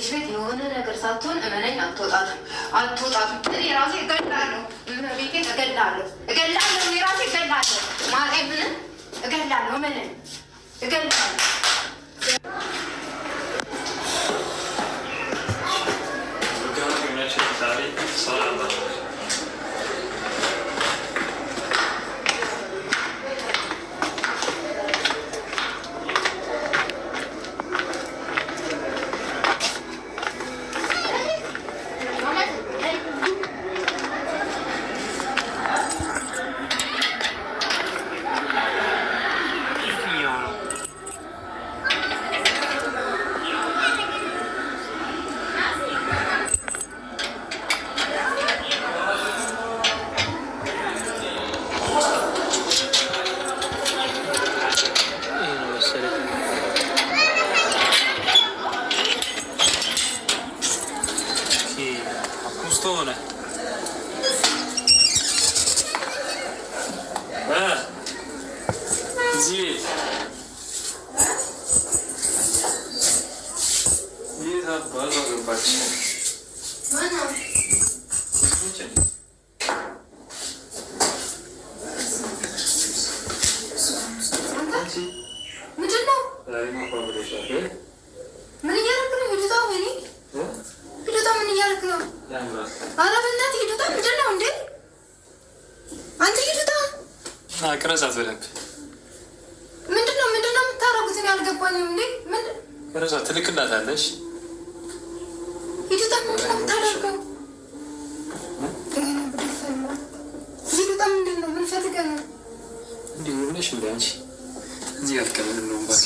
እዚህ ቤት የሆነ ነገር ሳትሆን እመነኝ፣ አትወጣትም፣ አትወጣትም። እኔ ራሴ እገላለሁ፣ ቤቴ እገላለሁ፣ እገላለሁ፣ እኔ ራሴ እገላለሁ። ማጤ ምን እገላለሁ፣ ምን እገላለሁ። ሰላም essere sì, a custone ምን እያደረክ ነው? ሂዱታ ወይኔ ሂዱታ ምን እያደረክ ነው? ኧረ በእናትህ ሂዱታ ምንድን ነው እንዴ? አንተ ሂዱታ ቅረጻት በደንብ ምንድን ነው ምንድን ነው የምታረጉት? እኔ አልገባኝም። እንዴ ቅረጻት ትልክላታለሽ። ሂዱታ ምንድን ነው የምታደርገው? ምንድን ነው ምን ፈልገህ ነው? እንዲህ ብለሽ እንደ አንቺ እዚህ አልቀበልም ነው ባሽ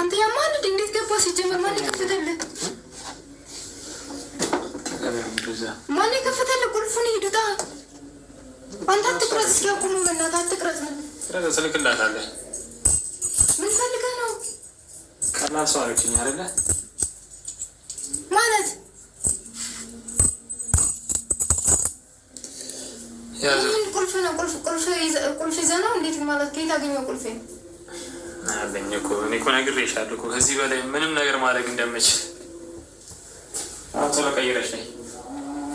አንተ ነው አንተ እንዴት ገባ? ሲጀመር ማን ይከፍተልህ? ማን ይከፍተልህ? ቁልፉን ሂዱታ አንተ አትቅረጽ፣ እስኪያቁሙ በእናትህ አትቅረጽ። ስልክላታለህ። ምን ፈልገ ነው? ቀላል ሰው አለችኝ አይደለ ማለት ቁልፍ ነው ቁልፍ ይዘህ ነው እንዴት ማለት ከየት አገኘው ቁልፌ አለኝ እኮ እኔ እኮ ነግሬሻለሁ እኮ ከዚህ በላይ ምንም ነገር ማድረግ እንደምችል። አሁን ቶሎ ቀይረሽ ነይ።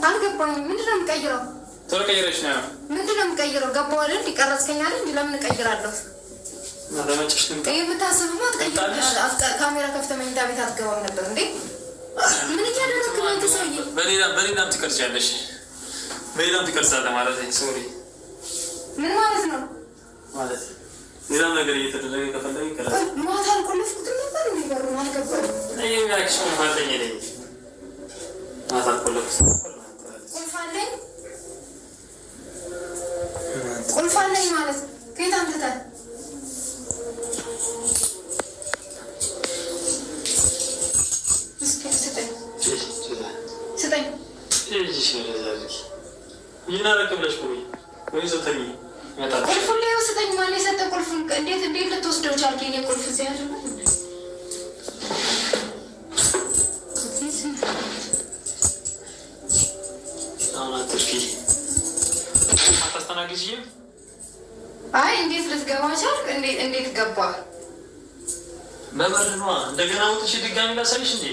አልገባኝም። ምንድን ነው የምቀይረው? ቶሎ ቀይረሽ ነይ። ምንድን ነው የምቀይረው? ገባሁ አይደል? እንዲቀረጽከኝ አይደል? እንዲ ለምን እቀይራለሁ? የምታስብማ ካሜራ ከፍተህ መኝታ ቤት አትገባም ነበር እንዴ? ምን እያደረግክ ነው አንተ ሰውዬ? በሌላም ትቀርጫለሽ፣ በሌላም ትቀርጻለህ ማለት ሶሪ። ምን ማለት ነው ማለት ሌላም ነገር እየተደረገ ከፈለገ ይቀራል። ማታ አልቆለፍኩትም ነበር የሚበሩ አልገባም። ማታ ቁልፍ አለኝ ቁልፍ አለኝ ማለት ከየት ስጠኝ ስጠኝ ሰጠኝ? ማን የሰጠ ቁልፍ? እንዴት እንዴት ልትወስደው ቻልክ? የቁልፍ እዚህ ያለ አይ እንዴት ልትገባ ቻልክ? እንዴት ገባ? በበር ነዋ። እንደገና ወጥቼ ድጋሚ ላሳይሽ እንዴ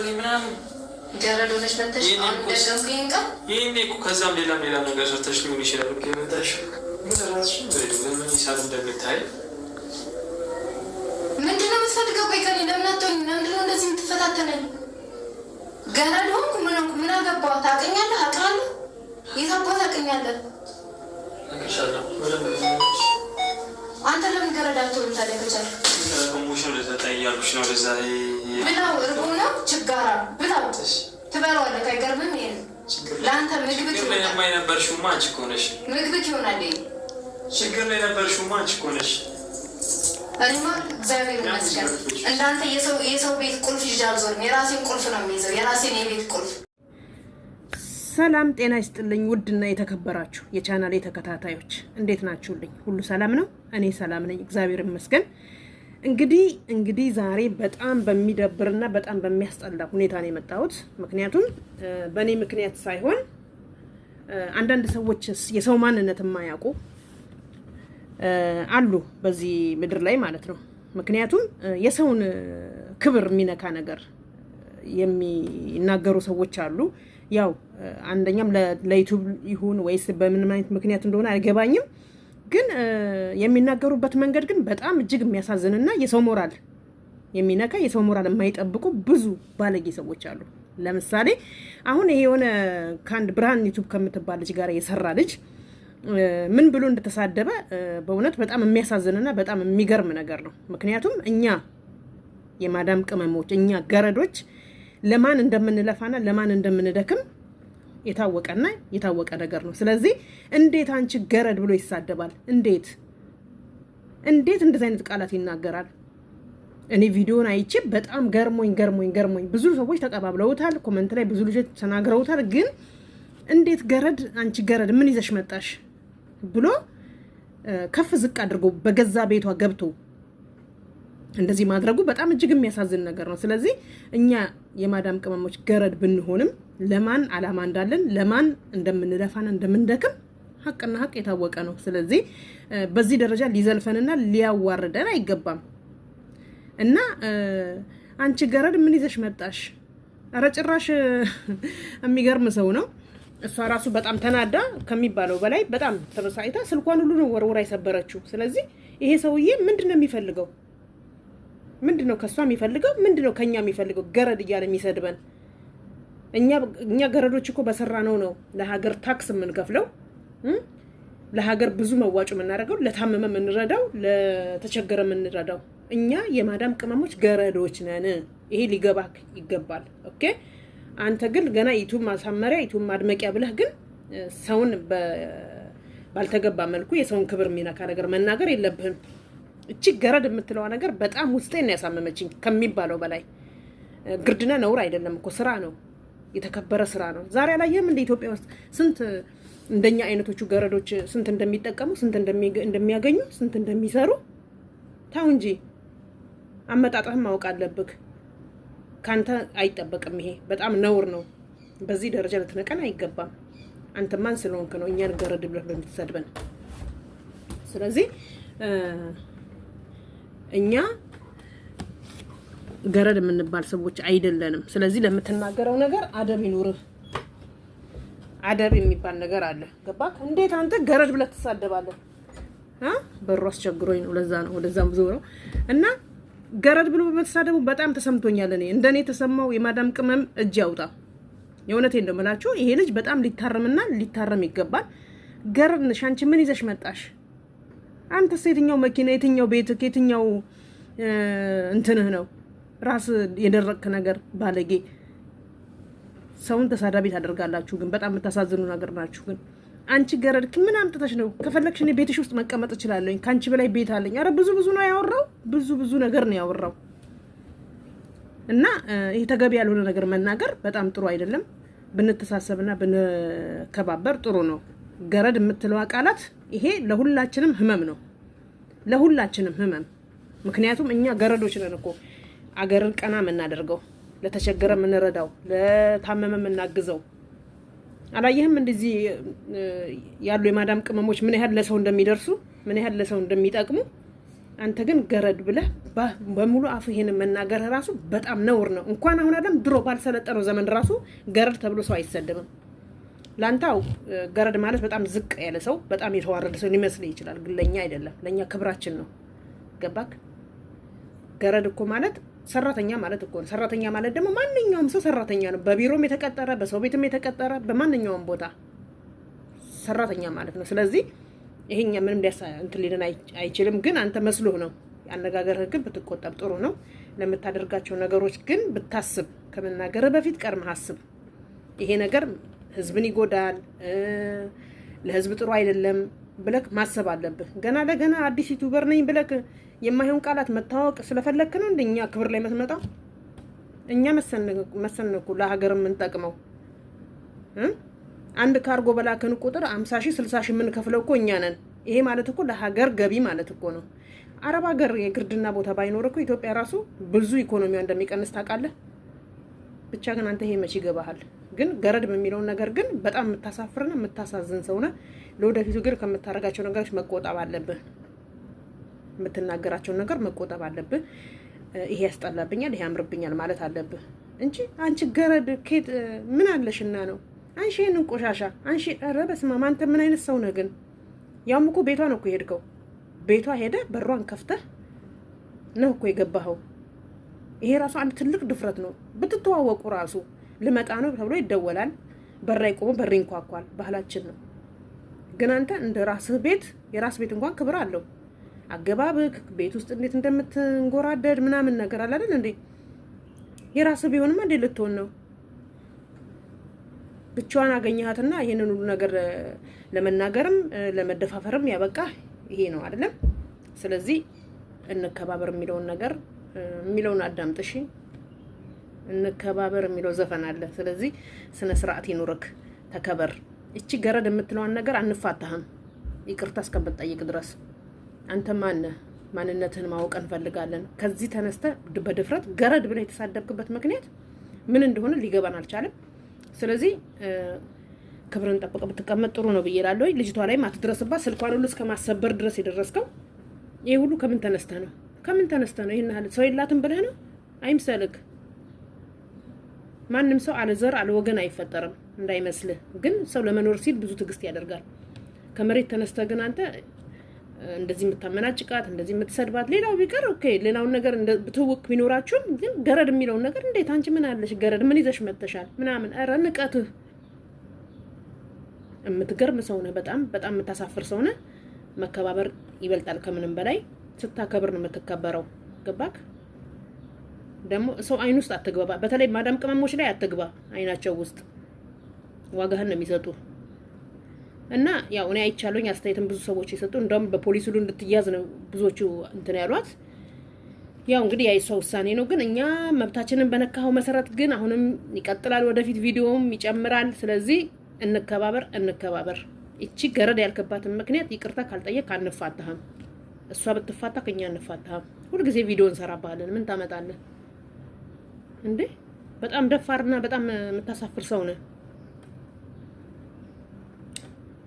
አትበለኝ ምናምን ጀረድ ሆነሽ መተሽ ይህኔ እኮ ከዛም ሌላም ሌላም ነገር ሰርተሽ ሊሆን ይችላል። መጣሽ ራስሽን ለምን ይሳል እንደምታይ ምንድነው የምትፈልገው? ቆይ ከኔ ለምን አትሆኝ? ለምንድነው እንደዚህ የምትፈታተነኝ? ገና ልሆንኩ ምን ሆንኩ ምን አገባ? ታውቀኛለህ፣ አውቃለሁ፣ የታባ ታውቀኛለህ። አንተ ለምን ገረድ አትሆንም ታዲያ? ከቻለ ሞሽን ልጠጣ እያሉሽ ነው ለዛ ብላው እርቦ ነው ችጋራ ብላው ትበለዋለህ። አይገርምም? ይሄ ለአንተ ይሆናል። ችግር ላይ አንቺ እኮ ነሽ። እኔማ እግዚአብሔር ይመስገን እንዳንተ የሰው ቤት ቁልፍ ይዤ አልዞርም። የራሴን ቁልፍ ነው የሚይዘው፣ የራሴን የቤት ቁልፍ። ሰላም ጤና ይስጥልኝ። ውድና የተከበራችሁ የቻናሌ ተከታታዮች እንዴት ናችሁልኝ? ሁሉ ሰላም ነው? እኔ ሰላም ነኝ፣ እግዚአብሔር ይመስገን። እንግዲህ እንግዲህ ዛሬ በጣም በሚደብርና በጣም በሚያስጠላ ሁኔታ ነው የመጣሁት። ምክንያቱም በእኔ ምክንያት ሳይሆን አንዳንድ ሰዎች የሰው ማንነት የማያውቁ አሉ በዚህ ምድር ላይ ማለት ነው። ምክንያቱም የሰውን ክብር የሚነካ ነገር የሚናገሩ ሰዎች አሉ። ያው አንደኛም ለዩቱብ ይሁን ወይስ በምን አይነት ምክንያት እንደሆነ አይገባኝም። ግን የሚናገሩበት መንገድ ግን በጣም እጅግ የሚያሳዝንና የሰው ሞራል የሚነካ የሰው ሞራል የማይጠብቁ ብዙ ባለጌ ሰዎች አሉ። ለምሳሌ አሁን ይሄ የሆነ ከአንድ ብርሃን ዩቱብ ከምትባል ልጅ ጋር የሰራ ልጅ ምን ብሎ እንደተሳደበ በእውነት በጣም የሚያሳዝንና በጣም የሚገርም ነገር ነው። ምክንያቱም እኛ የማዳም ቅመሞች እኛ ገረዶች ለማን እንደምንለፋና ለማን እንደምንደክም የታወቀና የታወቀ ነገር ነው። ስለዚህ እንዴት አንቺ ገረድ ብሎ ይሳደባል? እንዴት እንዴት እንደዚህ አይነት ቃላት ይናገራል? እኔ ቪዲዮን አይቼ በጣም ገርሞኝ ገርሞኝ ገርሞኝ ብዙ ሰዎች ተቀባብለውታል። ኮመንት ላይ ብዙ ልጆች ተናግረውታል። ግን እንዴት ገረድ አንቺ ገረድ ምን ይዘሽ መጣሽ ብሎ ከፍ ዝቅ አድርጎ በገዛ ቤቷ ገብቶ እንደዚህ ማድረጉ በጣም እጅግ የሚያሳዝን ነገር ነው። ስለዚህ እኛ የማዳም ቅመሞች ገረድ ብንሆንም ለማን አላማ እንዳለን ለማን እንደምንለፋና እንደምንደክም ሀቅና ሀቅ የታወቀ ነው። ስለዚህ በዚህ ደረጃ ሊዘልፈንና ሊያዋርደን አይገባም። እና አንቺ ገረድ ምን ይዘሽ መጣሽ? ኧረ ጭራሽ የሚገርም ሰው ነው። እሷ ራሱ በጣም ተናዳ ከሚባለው በላይ በጣም ተበሳጭታ ስልኳን ሁሉ ነው ወርውራ የሰበረችው። ስለዚህ ይሄ ሰውዬ ምንድን ነው የሚፈልገው? ምንድን ነው ከእሷ የሚፈልገው? ምንድን ነው ከእኛ የሚፈልገው? ገረድ እያለ የሚሰድበን እኛ ገረዶች እኮ በሰራ ነው ነው ለሀገር ታክስ የምንከፍለው ለሀገር ብዙ መዋጮ የምናደርገው ለታመመ የምንረዳው ለተቸገረ የምንረዳው እኛ የማዳም ቅመሞች ገረዶች ነን። ይሄ ሊገባክ ይገባል። ኦኬ። አንተ ግን ገና ዩቱብ ማሳመሪያ ዩቱብ ማድመቂያ ብለህ ግን ሰውን ባልተገባ መልኩ የሰውን ክብር የሚነካ ነገር መናገር የለብህም። እቺ ገረድ የምትለዋ ነገር በጣም ውስጤን ያሳመመችኝ ከሚባለው በላይ ግርድና ነውር አይደለም እኮ ስራ ነው። የተከበረ ስራ ነው። ዛሬ አላየህም እንደ ኢትዮጵያ ውስጥ ስንት እንደኛ አይነቶቹ ገረዶች ስንት እንደሚጠቀሙ ስንት እንደሚያገኙ ስንት እንደሚሰሩ ተው እንጂ አመጣጠህም ማወቅ አለብህ። ካንተ አይጠበቅም። ይሄ በጣም ነውር ነው። በዚህ ደረጃ ልትነቀን አይገባም። አንተ ማን ስለሆንክ ነው እኛን ገረድ ብለህ በምትሰድበን? ስለዚህ እኛ ገረድ የምንባል ሰዎች አይደለንም። ስለዚህ ለምትናገረው ነገር አደብ ይኑርህ። አደብ የሚባል ነገር አለ። ገባክ? እንዴት አንተ ገረድ ብለህ ትሳደባለህ? በሩ አስቸግሮኝ ነው። ለዛ ነው ወደዛም ብዙ ነው እና ገረድ ብሎ በመተሳደቡ በጣም ተሰምቶኛል። እኔ እንደኔ የተሰማው የማዳም ቅመም እጅ ያውጣ። የእውነት እንደምላችሁ ይሄ ልጅ በጣም ሊታረምና ሊታረም ይገባል። ገረድ ነሽ አንቺ። ምን ይዘሽ መጣሽ? አንተስ የትኛው መኪና፣ የትኛው ቤት የትኛው እንትንህ ነው? ራስ የደረቅክ ነገር ባለጌ ሰውን ተሳዳቢ ታደርጋላችሁ። ግን በጣም የምታሳዝኑ ነገር ናችሁ። ግን አንቺ ገረድ ምን አምጥተሽ ነው? ከፈለግሽ እኔ ቤትሽ ውስጥ መቀመጥ እችላለኝ። ከአንቺ በላይ ቤት አለኝ። አረ ብዙ ብዙ ነው ያወራው። ብዙ ብዙ ነገር ነው ያወራው። እና ይህ ተገቢ ያልሆነ ነገር መናገር በጣም ጥሩ አይደለም። ብንተሳሰብና ብንከባበር ጥሩ ነው። ገረድ የምትለው ቃላት ይሄ ለሁላችንም ህመም ነው፣ ለሁላችንም ህመም። ምክንያቱም እኛ ገረዶች ነን እኮ አገርን ቀና የምናደርገው ለተቸገረ የምንረዳው ለታመመ የምናግዘው አላየህም? እንደዚህ ያሉ የማዳም ቅመሞች ምን ያህል ለሰው እንደሚደርሱ ምን ያህል ለሰው እንደሚጠቅሙ። አንተ ግን ገረድ ብለህ በሙሉ አፍ ይሄንን መናገር ራሱ በጣም ነውር ነው። እንኳን አሁን አለም ድሮ ባልሰለጠነው ዘመን ራሱ ገረድ ተብሎ ሰው አይሰደብም። ላንታው ገረድ ማለት በጣም ዝቅ ያለ ሰው፣ በጣም የተዋረደ ሰው ሊመስል ይችላል፣ ግን ለእኛ አይደለም። ለእኛ ክብራችን ነው። ገባክ? ገረድ እኮ ማለት ሰራተኛ ማለት እኮ ነው። ሰራተኛ ማለት ደግሞ ማንኛውም ሰው ሰራተኛ ነው። በቢሮም የተቀጠረ በሰው ቤትም የተቀጠረ በማንኛውም ቦታ ሰራተኛ ማለት ነው። ስለዚህ ይሄኛ ምንም ሊያሳ እንትን ሊልን አይችልም። ግን አንተ መስሎህ ነው አነጋገርህ ግን ብትቆጠብ ጥሩ ነው። ለምታደርጋቸው ነገሮች ግን ብታስብ፣ ከመናገርህ በፊት ቀድመህ አስብ። ይሄ ነገር ህዝብን ይጎዳል፣ ለህዝብ ጥሩ አይደለም ብለህ ማሰብ አለብህ። ገና ለገና አዲስ ዩቱበር ነኝ ብለህ የማይሆን ቃላት መታወቅ ስለፈለክ ነው እንደኛ ክብር ላይ የምትመጣው። እኛ መሰነኩ ለሀገር የምንጠቅመው አንድ ካርጎ በላከን ቁጥር አምሳ ሺህ ስልሳ ሺህ የምንከፍለው እኮ እኛ ነን። ይሄ ማለት እኮ ለሀገር ገቢ ማለት እኮ ነው። አረብ ሀገር የግርድና ቦታ ባይኖር እኮ ኢትዮጵያ ራሱ ብዙ ኢኮኖሚዋ እንደሚቀንስ ታውቃለህ። ብቻ ግን አንተ ይሄ መቼ ይገባሃል? ግን ገረድ በሚለውን ነገር ግን በጣም የምታሳፍርና የምታሳዝን ሰውነ። ለወደፊቱ ግን ከምታደርጋቸው ነገሮች መቆጠብ አለብህ። የምትናገራቸውን ነገር መቆጠብ አለብህ። ይሄ ያስጠላብኛል፣ ይሄ ያምርብኛል ማለት አለብህ እንጂ አንቺ ገረድ ኬት ምን አለሽና ነው? አንሺ ይህንን ቆሻሻ አንሺ። ኧረ በስመ አብ አንተ ምን አይነት ሰው ነህ ግን? ያውም እኮ ቤቷ ነው እኮ የሄድከው። ቤቷ ሄደ በሯን ከፍተህ ነው እኮ የገባኸው። ይሄ ራሱ አንድ ትልቅ ድፍረት ነው። ብትተዋወቁ ራሱ ልመጣ ነው ተብሎ ይደወላል። በራ ይቆሞ በር ይንኳኳል። ባህላችን ነው። ግን አንተ እንደ ራስህ ቤት የራስ ቤት እንኳን ክብር አለው። አገባብክ ቤት ውስጥ እንዴት እንደምትንጎራደድ ምናምን ነገር አለ አይደል እንዴ? የራስ ቢሆንም እንዴ ልትሆን ነው? ብቻዋን አገኘሃትና ይህንን ሁሉ ነገር ለመናገርም ለመደፋፈርም ያበቃ ይሄ ነው አይደለም? ስለዚህ እንከባበር የሚለውን ነገር የሚለውን አዳምጥሽ። እንከባበር የሚለው ዘፈን አለ። ስለዚህ ስነ ስርዓት ይኑርክ፣ ተከበር። እቺ ገረድ የምትለዋን ነገር አንፋታህም፣ ይቅርታ እስከምትጠይቅ ድረስ አንተ ማነህ? ማንነትህን ማወቅ እንፈልጋለን። ከዚህ ተነስተ በድፍረት ገረድ ብለህ የተሳደብክበት ምክንያት ምን እንደሆነ ሊገባን አልቻለም። ስለዚህ ክብርን ጠብቀህ ብትቀመጥ ጥሩ ነው ብዬ ላለ ልጅቷ ላይ ማትድረስባት ስልኳን ሁሉ እስከ ማሰበር ድረስ የደረስከው ይህ ሁሉ ከምን ተነስተ ነው? ከምን ተነስተ ነው? ይህን ሰው የላትም ብለህ ነው? አይምሰልክ። ማንም ሰው አለ ዘር አለ ወገን አይፈጠርም እንዳይመስልህ። ግን ሰው ለመኖር ሲል ብዙ ትዕግስት ያደርጋል። ከመሬት ተነስተ ግን አንተ እንደዚህ የምታመናጭቃት እንደዚህ የምትሰድባት ሌላው ቢቀር ኦኬ፣ ሌላውን ነገር ትውውቅ ቢኖራችሁም ግን ገረድ የሚለውን ነገር እንዴት አንቺ ምን አለሽ ገረድ ምን ይዘሽ መተሻል ምናምን፣ ኧረ ንቀትህ። የምትገርም ሰው ነህ። በጣም በጣም የምታሳፍር ሰው ነህ። መከባበር ይበልጣል ከምንም በላይ። ስታከብር ነው የምትከበረው። ገባክ? ደግሞ ሰው አይን ውስጥ አትግባ። በተለይ ማዳም ቅመሞች ላይ አትግባ። አይናቸው ውስጥ ዋጋህን ነው የሚሰጡ እና ያው እኔ አይቻለኝ አስተያየትን ብዙ ሰዎች የሰጡ እንደውም በፖሊስ ሁሉ እንድትያዝ ነው ብዙዎቹ እንትን ያሏት። ያው እንግዲህ የሷ ውሳኔ ነው፣ ግን እኛ መብታችንን በነካኸው መሰረት ግን አሁንም ይቀጥላል፣ ወደፊት ቪዲዮም ይጨምራል። ስለዚህ እንከባበር እንከባበር። እቺ ገረድ ያልከባትን ምክንያት ይቅርታ ካልጠየቅ አንፋታህም። እሷ ብትፋታ ከኛ አንፋታህም። ሁልጊዜ ቪዲዮ እንሰራባለን። ምን ታመጣለን እንዴ? በጣም ደፋርና በጣም የምታሳፍር ሰው ነህ።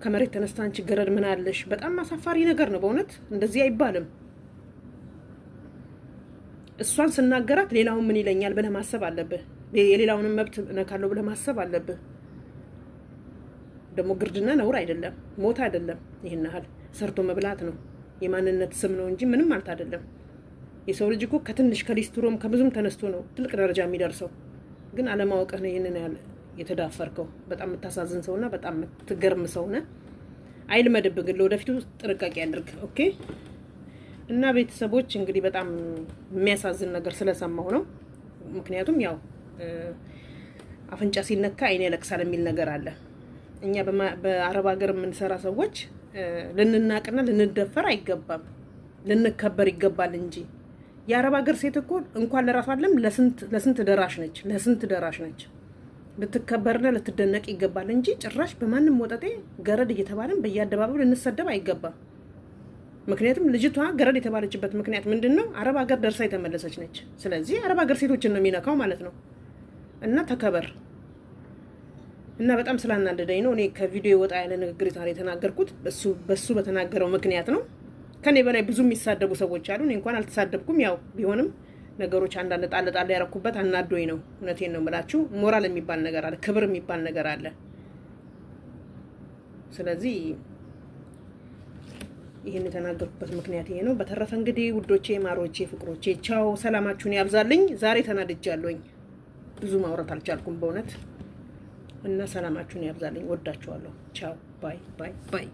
ከመሬት ተነስታን ገረድ ምን አለሽ? በጣም አሳፋሪ ነገር ነው በእውነት እንደዚህ አይባልም። እሷን ስናገራት ሌላውን ምን ይለኛል ብለህ ማሰብ አለብህ። የሌላውንም መብት እነካለሁ ብለህ ማሰብ አለብህ። ደግሞ ግርድና ነውር አይደለም፣ ሞት አይደለም። ይህን ያህል ሰርቶ መብላት ነው። የማንነት ስም ነው እንጂ ምንም ማለት አይደለም። የሰው ልጅ እኮ ከትንሽ ከሊስትሮም ከብዙም ተነስቶ ነው ትልቅ ደረጃ የሚደርሰው። ግን አለማወቅህ ነው ይህንን ያለ የተዳፈርከው። በጣም የምታሳዝን ሰውና በጣም የምትገርም ሰውነ። አይልመድብ ግን ለወደፊቱ ጥንቃቄ ያድርግ። ኦኬ። እና ቤተሰቦች እንግዲህ በጣም የሚያሳዝን ነገር ስለሰማሁ ነው። ምክንያቱም ያው አፍንጫ ሲነካ አይኔ ያለቅሳል የሚል ነገር አለ። እኛ በአረብ ሀገር የምንሰራ ሰዎች ልንናቅና ልንደፈር አይገባም፣ ልንከበር ይገባል እንጂ የአረብ ሀገር ሴት እኮ እንኳን ለራሷ አይደለም ለስንት ለስንት ደራሽ ነች፣ ለስንት ደራሽ ነች። ልትከበርና ልትደነቅ ይገባል እንጂ ጭራሽ በማንም ወጠጤ ገረድ እየተባለን በየአደባባዩ ልንሰደብ አይገባም። ምክንያቱም ልጅቷ ገረድ የተባለችበት ምክንያት ምንድን ነው? አረብ ሀገር ደርሳ የተመለሰች ነች። ስለዚህ አረብ ሀገር ሴቶችን ነው የሚነካው ማለት ነው። እና ተከበር እና በጣም ስላናደደኝ ነው እኔ ከቪዲዮ ወጣ ያለ ንግግር የተናገርኩት በሱ በተናገረው ምክንያት ነው። ከኔ በላይ ብዙ የሚሳደቡ ሰዎች አሉ። እኔ እንኳን አልተሳደብኩም፣ ያው ቢሆንም ነገሮች አንዳንድ ጣል ጣል ያረኩበት አናዶኝ ነው። እውነቴን ነው የምላችሁ። ሞራል የሚባል ነገር አለ፣ ክብር የሚባል ነገር አለ። ስለዚህ ይህን የተናገርኩበት ምክንያት ይሄ ነው። በተረፈ እንግዲህ ውዶቼ፣ ማሮቼ፣ ፍቅሮቼ ቻው፣ ሰላማችሁን ያብዛልኝ። ዛሬ ተናድጃለሁኝ፣ ብዙ ማውራት አልቻልኩም በእውነት እና ሰላማችሁን ያብዛልኝ። ወዳችኋለሁ። ቻው ባይ ባይ ባይ